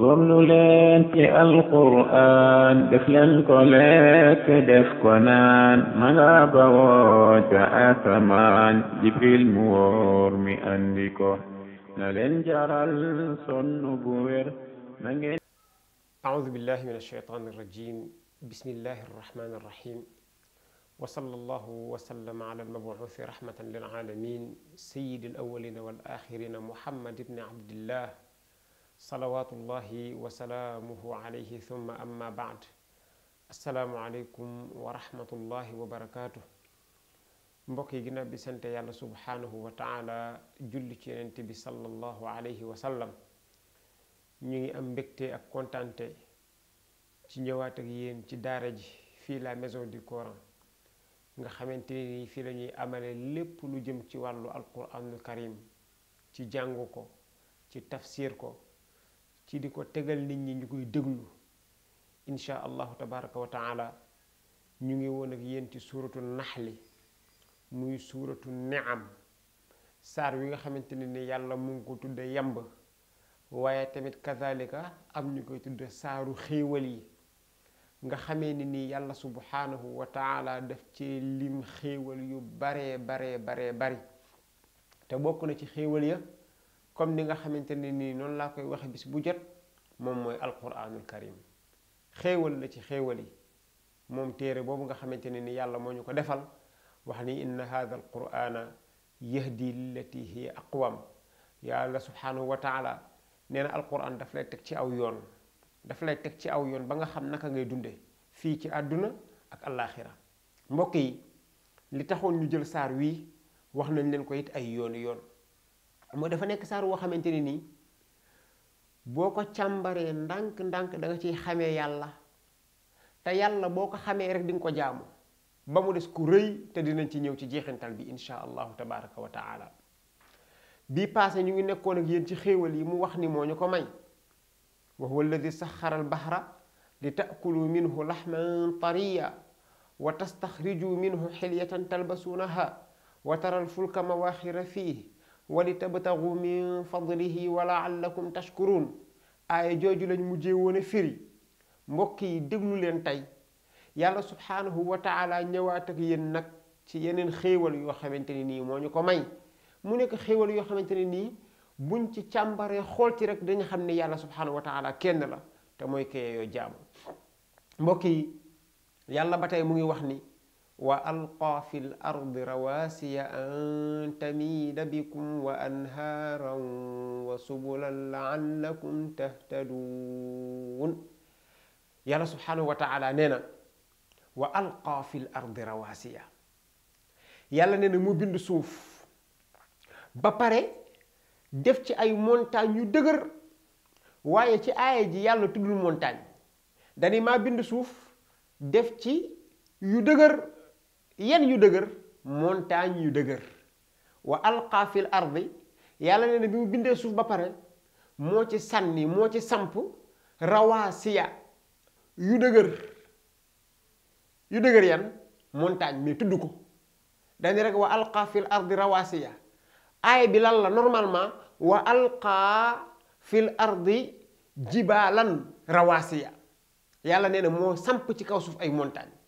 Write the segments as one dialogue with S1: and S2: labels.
S1: ضمن لك القرآن دفل القلاك دفقنان قنان مغاب أثمان ثمان جبريل موار مئنكو نلن جرى الصن بوير أعوذ بالله من الشيطان الرجيم بسم الله الرحمن الرحيم وصلى الله وسلم على المبعوث رحمة للعالمين سيد الأولين والآخرين محمد بن عبد الله صلوات الله وسلامه عليه ثم أما بعد asalaamu aleykum wa rahmatullahi wa barakaatu mbokk yi ginnaaw bi sant yàlla subhaanahu wa taala julli ci yonent bi sallallahu alayhi wa sallam ñu ngi am mbégte ak kontante ci ñëwaat ak yéen ci daara ji fii la maison du Coran nga xamante ni fii la ñuy amale lépp lu jëm ci wàllu alquranul karim ci jàng ko ci tafsir ko ci di ko tegal nit ñi ñu koy déglu insha allahu tabaraka wa taala ñu ngi woon ak yéen ci suratu naxli muy suratu niam saar wi nga xamante ne ni yàlla mu ngi ko tudde yamb waaye tamit kazalika am ñu koy tudde saaru xéewal yi nga xamee ni ni yàlla subhanahu wa taala daf cee lim xéewal yu baree baree baree bari te bokk na ci xéewal ya comme ni nga xamante ne nii noonu laa koy waxe bis bu jot moom mooy alquranul karim xéewal la ci xéewal yi moom téere boobu nga xamante ne ni yàlla moo ñu ko defal wax ni inna hada alqurana yahdi lillati hiya aqwam yàlla subhanahu wa taala nee na alquran daf lay teg ci aw yoon daf lay teg ci aw yoon ba nga xam naka ngay dunde fii ci àdduna ak allaaxira mbokk yi li taxoon ñu jël saar wii wax nañ leen ko it ay yooni yoon moo dafa nekk saar woo xamante ni nii boo ko càmbaree ndànk-ndànk da nga ciy xamee yàlla te yàlla boo ko xamee rek di nga ko jaamu ba mu des ku rëy te dinañ ci ñëw ci jeexintal bi insha allahu tabaraka wa taala bi passé ñu ngi nekkoon ak yéen ci xéewal yi mu wax ni moo ñu ko may wa huwa alladhi saxara al bahra li ta'kulu minhu lahman tariya wa tastakhriju minhu hilyatan talbasunaha wa tara al-fulka mawakhira fihi wali tabtagu min fadlihi wa laallakum tashkurun aaye jooju lañ mujjee woon a firi mbokk yi déglu leen tey yàlla subhaanahu wa taala ñëwaat ak yéen nag ci yeneen xéewal yoo xamante ne nii moo ñu ko may mu nekk xéewal yoo xamante ne nii buñ ci càmbaree xool ci rek dañu xam ne yàlla subhaanahu wa taala kenn la te mooy kee yoo jaamu mbokk yi yàlla ba tey mu ngi wax nii wa alqaa fi l ardi rawaasiya an bikum wa anhaaran wa subulan laallakum tahtaduun yàlla subhaanahu wa taala nee na wa fi l ardi rawaasiya yàlla mu bind suuf ba pare def ci ay montagne yu dëgër waaye ci aaya ji yàlla tuddul montagne dani maa bind suuf def ci yu dëgër yan yu dëgër montagne yu dëgër wa alqa fil ardi yàlla nee na bi mu bindee suuf ba pare moo ci sànni moo ci samp rawaasiya yu dëgër yu dëgër yan montagne mais tudd ko dañu rek wa alqa fil ardi rawaasiya aay bi lan la normalement wa alqa fil ardi jibaalan rawaasiya yàlla nee na moo samp ci kaw suuf ay montagne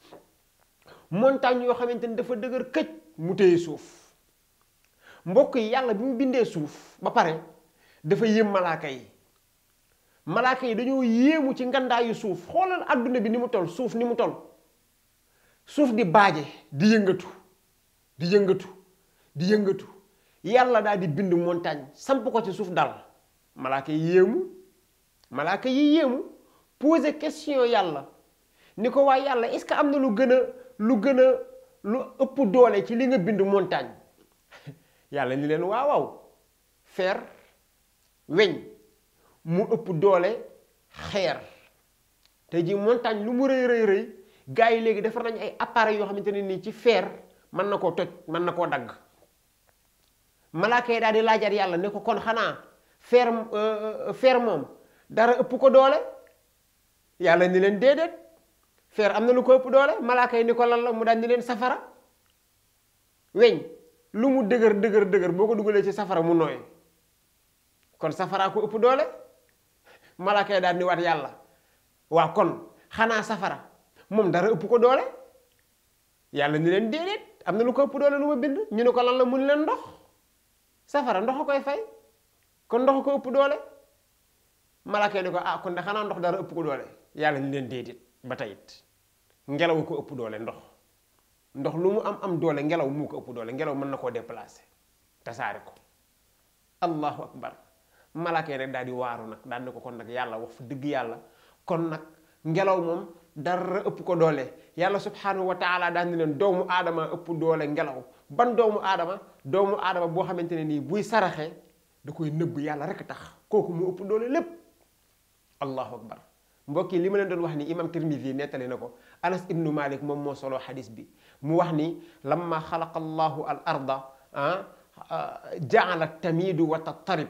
S1: montagne yoo xamante ni dafa dëgër këj mu téye suuf mbokk yi yàlla bi mu bindee suuf ba pare dafa yéem malaaka yi malaaka yi dañoo yéemu ci ngandaayu suuf xoolal àdduna bi ni mu tol suuf ni mu tol suuf di baaje di yëngatu di yëngatu di yëngatu yàlla daal di bind montagne samp ko ci suuf dal malaaka yi yéemu malaaka yi yéemu poser question yàlla ni ko waa yàlla est-ce que am na lu gën lu gën a lu ëpp doole ci li nga bind montagne yàlla ni leen waaw waaw weñ mu ëpp doole xeer te jii montagne lu mu rëy rëy rëy gars yi léegi defar nañ ay appareils yoo xamante ne nii ci feer mën na koo toj mën na koo dagg malaaka yi daal di laajar yàlla ne ko kon xanaa fer euh, euh, fer moom dara ëpp ko doole yàlla ni leen déedéet feer am na lu ko ëpp doole malaaka yi ni ko lan la mu daan ni leen safara weñ lu mu dëgër dëgër dëgër boo ko duggalee ci safara mu nooy kon safaraa ko ëpp doole malaaka yi yàlla waa kon xanaa safara moom dara ëpp ko doole yàlla ni leen déedéet am na lu ko ëpp doole lu ma bind ñu ne ko lan la mun leen ndox safara ndox a koy fay kon ndox ko ëpp doole malaaka yi ni ko ah kon de xanaa ndox dara ëpp ko doole yàlla ñu leen déedéet ba tey it ngelaw ko ëpp doole ndox ndox lu mu am am doole ngelaw mu ko ëpp doole ngelaw mën na koo déplacer tasaare ko allahu akbar malaaka yi daal di waaru nag daan na ko kon nag yàlla wax fa digg yàlla kon nag ngelaw moom dara ëpp ko doole yàlla subhanahu wa taala daan na leen doomu aadama ëpp doole ngelaw ban doomu aadama doomu aadama boo xamante ne nii buy saraxe da koy nëbb yàlla rek tax kooku mu ëpp doole lépp allahu akbar mbokki yi len ma doon wax ni imam tirmidhi nettali na ko anas ibn malik mom mo solo hadith bi mu wax ni lamma khalaqa allah al arda jaala tamiidu wa tattarib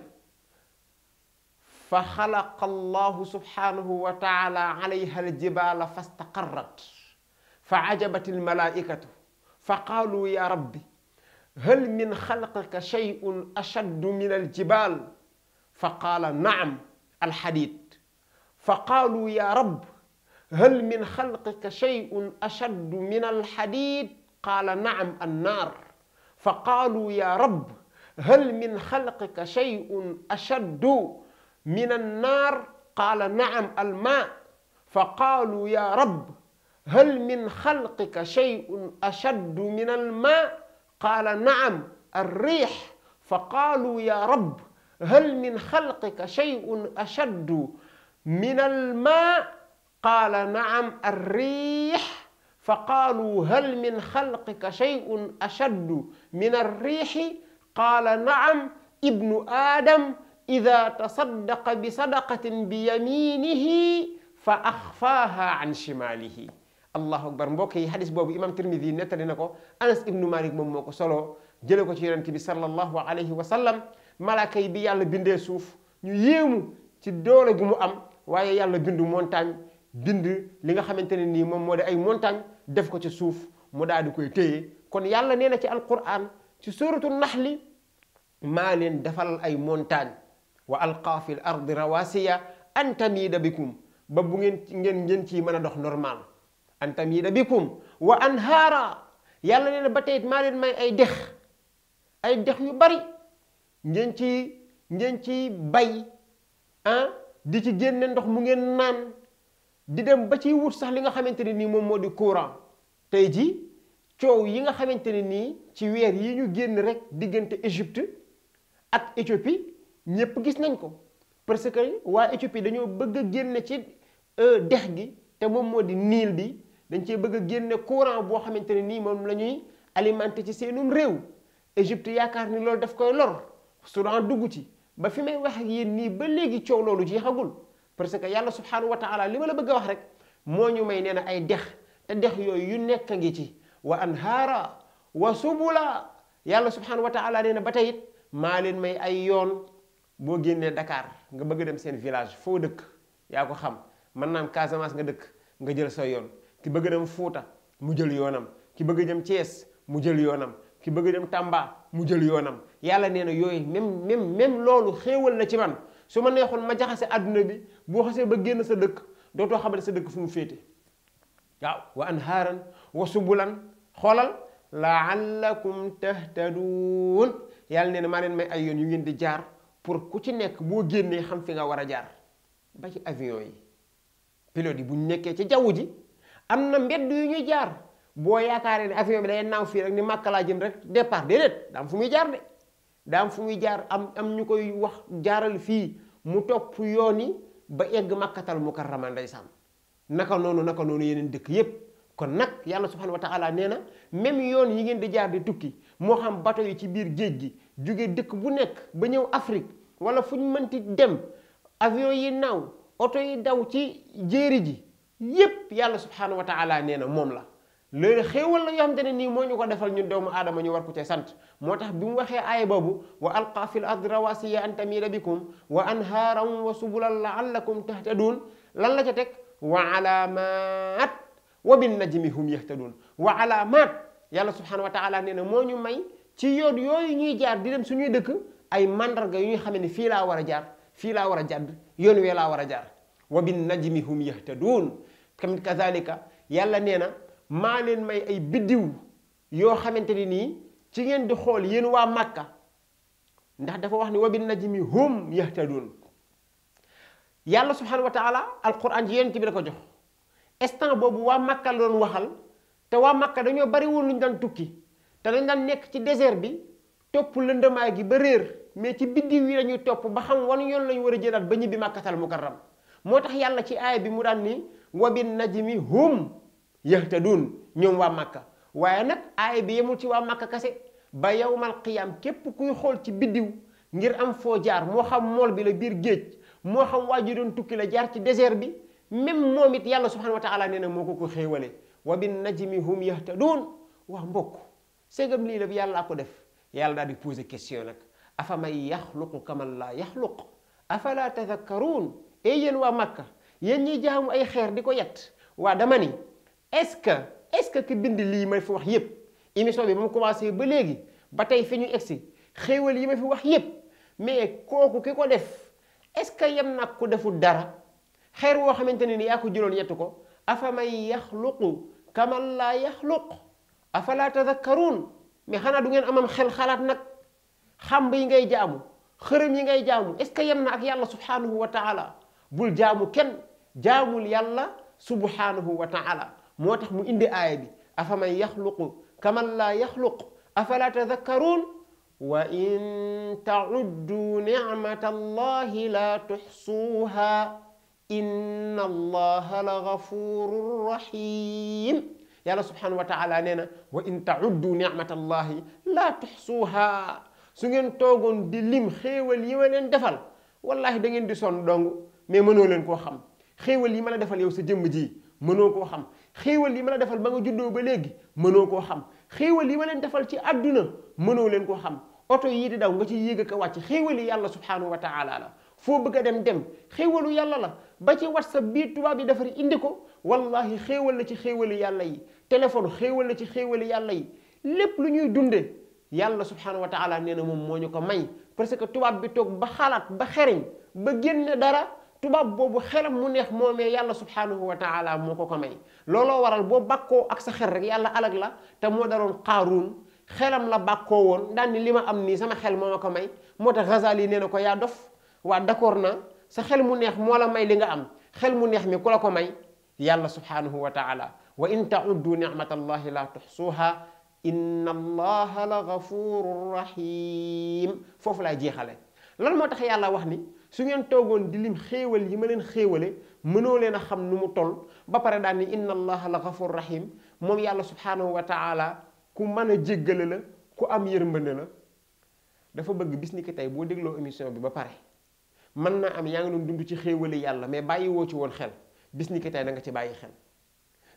S1: fa xalaqa allahu subhanahu wa taala alayha aljibala fastaqarrat fa ajabat almalaikatu fa qaalu ya rabbi hal من xalqika shay'un ashaddu min aljibal fa qaala naam فقالوا يا رب هل من خلقك شيء أشد من الحديد قال نعم النار فقالوا يا رب هل من خلقك شيء أشد من النار قال نعم الماء فقالوا يا رب هل من خلقك شيء أشد من الماء قال نعم الريح فقالوا يا رب هل من خلقك شيء أشد من الماء قال نعم الريح فقالوا هل من خلقك شيء أشد من الريح قال نعم ابن آدم إذا تصدق بصدقة بيمينه فأخفاها عن شماله الله أكبر مبوكي حديث بابو إمام ترمذي نتلي نكو أنس ابن مالك مموكو صلو جلو كتيران تبي صلى الله عليه وسلم ملاكي بيال بندسوف نييمو تدولي قمو أم waye yàlla bindu montagne bind li nga xamanteni ni mom modi ay montagne def ko ci souf mu daal di koy téye kon yàlla neena ci alquran ci suratul nahl ma len defal ay montagne wa alqaa fi l rawasiya antamida bikum ba bu ngeen ngeen ngeen ci mën dox normal antamida bikum wa anhara yàlla neena batay ma len may ay dekh ay dekh yu bari ngeen ci ngeen ci bay ah di ci génne ndox mu ngeen naan di dem ba ciy wut sax li nga xamante ne nii moom moo di courant tey ji coow yi nga xamante ne nii ci weer yi ñu génn rek diggante Égypte ak Éthiopie ñépp gis nañ ko parce que waa Éthiopie dañoo bëgg a génne ci euh, dex gi te moom moo di niil bi dañ cee bëgg a génne courant boo xamante ne nii moom la ñuy alimenter ci seenum réew Égypte yaakaar ni loolu daf koy lor Soudan dugg ci ba fi may wax ak yéen nii ba léegi coow loolu jeexagul parce que yàlla subhaanahu wa taala li ma la bëgg a wax rek moo ñu may nee ay dex te dex yooyu yu nekk a ngi ci wa anhaara wa subula yàlla subhaanahu wa taala na ba tey it maa leen may ay yoon boo génnee Dakar nga bëgg dem seen village foo dëkk yaa ko xam mën naam Casamance nga dëkk nga jël sa yoon ki bëgg dem Fuuta mu jël yoonam ki bëgg dem Thiès mu jël yoonam ki bëgg dem Tamba mu jël yonam yalla neena yoy mem mem mem lolu xewal na ci man suma ma ma jaxase aduna bi boo xasse ba genn sa dëkk dootoo xamal sa dekk fu mu waw wa anharan, wa subulan kholal laallakum tahtadun yalla neena ma len may ay yon yu ngeen di jaar pour ku ci nekk bo genné xam fi nga wara jaar ba ci avion yi pilote bu ñu ci jawuji amna mbedd yu ñu jaar boo yaakaaree ne avion bi day naaw fii rek ni màkka laa jëm rek départ déedéet daa am fu muy jaar de daa fu muy jaar am am ñu koy wax jaaral fii mu topp yoon yi ba egg màkkatal mukarrama ndeysaan naka noonu naka noonu yeneen dëkk yépp kon nag yàlla subhanahu wa taala nee na même yoon yi ngeen di jaar tukki moo xam bato yi ci biir géej gi jóge dëkk bu nekk ba ñëw Afrique wala fu mënti dem avion yi naaw oto yi daw ci jéeri ji yépp yàlla subhanahu wa taala nee na moom la léegi xéewal la yoo xamante ne nii moo ñu ko defal ñun doomu aadama ñu war ko cee sant moo tax bi mu waxee aaya boobu wa alqa fi l ard rawasiya an tamida bikum wa anhaaran wa subulan laallakum tahtaduun lan la ca teg wa alaamaat wa bin najmi hum yahtaduun wa alaamaat yàlla subhanahu wa taala nee na moo ñu may ci yoon yooyu ñuy jaar di dem suñuy dëkk ay mandarga yu ñu xam ne fii laa war a jaar fii laa war a jàdd yoon wee laa war a jaar wa bin najmi hum yahtaduun tamit kazalika yàlla nee na maa leen may ay biddiw yoo xamante ni nii ci ngeen di xool yéen waa Màkka ndax dafa wax ni wabin najmi hum yahtadoon yàlla subhanahu wa taala alquran ji yonent bi la ko jox instant boobu waa Màkka la waxal te waa makka dañoo bari woon lu ñu daan tukki te dañ daan nekk ci désert bi topp lëndëmaay gi ba réer mais ci biddiw yi lañuy topp ba xam wan yoon lañu war a jëlaat ba ñibbi Màkkatal mukarram moo tax yàlla ci aaya bi mu daan ni wabin najmi hum yahtaduun ñoom waa Makka waaye nag aay bi yemul ci waa Makka kase ba yowmal qiyaam képp kuy xool ci biddiw ngir am foo jaar moo xam mool bi la biir géej moo xam waa ji doon tukki la jaar ci désert bi même moom it yàlla subhanahu wa taala na moo ko ko xéewale wa bin najmi hum yahtaduun waa mbokk segam lii la bi yàllaa ko def yàlla daal di poser question nag afa man yaxluqu kaman laa yaxluq afala tadakkaruun ey yéen waa Makka yéen ñiy jaamu ay xeer di ko yet waa est-ce que est-ce que ki bind lii may fi wax yépp émission bi ba mu commencé ba léegi ba tey fi ñu egsi xéewal yi may fi wax yépp mais kooku ki ko def est-ce que yem nag ku deful dara xeer woo xamante ne ni yaa ko jëloon yettu ko afa man yaxluqu kaman laa yaxluq afala mais xanaa du ngeen amam xel xalaat nag xamb yi ngay jaamu xërëm yi ngay jaamu est-ce que yem na ak yàlla subhanahu wa taala bul jaamu kenn jaamul yàlla subhanahu wa taala موتح مو اندي آيدي أفمن يخلق كمن لا يخلق أفلا تذكرون وإن تعدوا نعمة الله لا تحصوها إن الله لغفور رحيم يا الله سبحانه وتعالى نينا وإن تعدوا نعمة الله لا تحصوها سنين توغون دي لم خيوال يوالين دفل والله دي دي سون دونغ مي منو لين كو خم خيوال يمالا دفل يو سجم جي منو كو خم xéewal yi ma la defal ba nga juddoo ba léegi mënoo koo xam xéewal yi ma leen defal ci àdduna mënoo leen koo xam oto yii di daw nga ci yéeg ak a wàcc xéewali yàlla subhanahu wa taala la foo bëgg a dem dem xéewalu yàlla la ba ci wat sa bii tubaab yi defar indi ko wallahi xéewal la ci xéewali yàlla yi téléphone xéewal la ci xéewali yàlla yi lépp lu ñuy dundee yàlla subhanahu wa taala nee na moom moo ñu ko may parce que tubaab bi toog ba xalaat ba xereñ ba génne dara tubab bobu xelam mu neex momé yàlla subhanahu wa taala moko ko may lolo waral bo bakko ak sa xel rek yàlla alag la te mo daron qarun xelam la bakko won daan ni lima am ni sama xel moko may moo Ghazali neena ko ya dof wa d'accord na sa xel mu neex moo la may li nga am xel mu neex mi kula ko may yàlla subhanahu wa taala wa in tauddu ni'matallahi la tuhsuha inna الله لغفور رحيم rahim لا جيخالي لان موتاخ يالا واخني su ngeen toogoon di lim xéewal yi ma leen xéewale mënoo leen a xam nu mu toll ba pare daan ni inna allaha la ghafur rahim moom yàlla subhaanahu wa taala ku mën a jéggale la ku am yërmande la dafa bëgg bis ni tey boo dégloo émission bi ba pare mën naa am yaa ngi doon dund ci xéewali yàlla mais bàyyi woo ci woon xel bis ni na nga ci bàyyi xel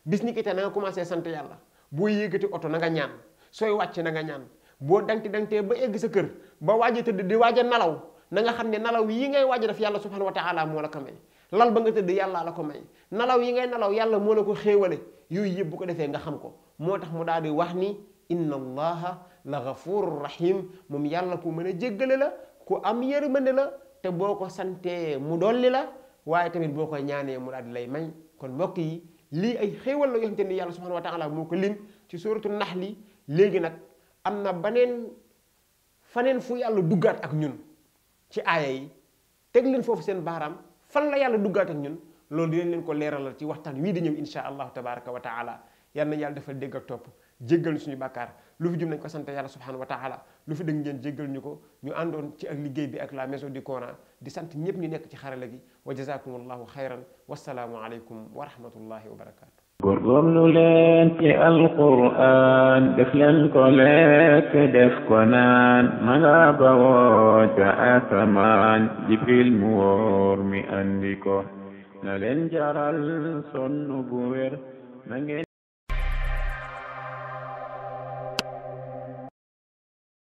S1: bis ni ki na commencé sant yàlla boo yéegati oto nanga ñaan sooy wàcc na nga ñaan boo dangte dangtee ba egg sa kër ba waaj a di waaj a nalaw na nga xam ne nalaw yi ngay waaj def yàlla subhanahu wa taala moo la ko may lal ba nga tëdd yàllaa la may nalaw yi ngay nalaw yàlla moo la ko xéewale yooyu yëpp ko defee nga ko moo tax mu daal di wax ni inna allaha la gafurur rahim moom yàlla ku mën a jéggale la ku am yërmande la te boo ko santee mu dolli la waaye tamit boo ko ñaanee mu daal di lay may kon mbokk yi lii ay xéewal la yoo xamante ni yàlla subhanahu moo ko lim ci suratu nax li léegi nag am na baneen faneen fu yàlla duggaat ak ñun ci aaya yi teg leen foofu seen baaraam fan la yàlla duggaat ak ñun loolu dinañ leen ko leeralal ci waxtaan wii di ñëw insha allahu tabaraka wa taala yal na yàlla defal dégg topp jéggal ñu suñu bàkkaar lu fi jum nañ ko sant yàlla subhanahu wa taala lu fi dëgg ngeen jéggal ñu ko ñu àndoon ci ak liggéey bi ak laa maison di Coran di sant ñëpp ñu nekk ci xarala gi wa jazakumullahu xayran wasalaamu aleykum wa rahmatullahi wa barakatu góorgóorlu leen ci alquraan def ko lekk def ko naan ma nga bawoo ca asamaan jibril mu mi andi na leen jaral sonn bu wér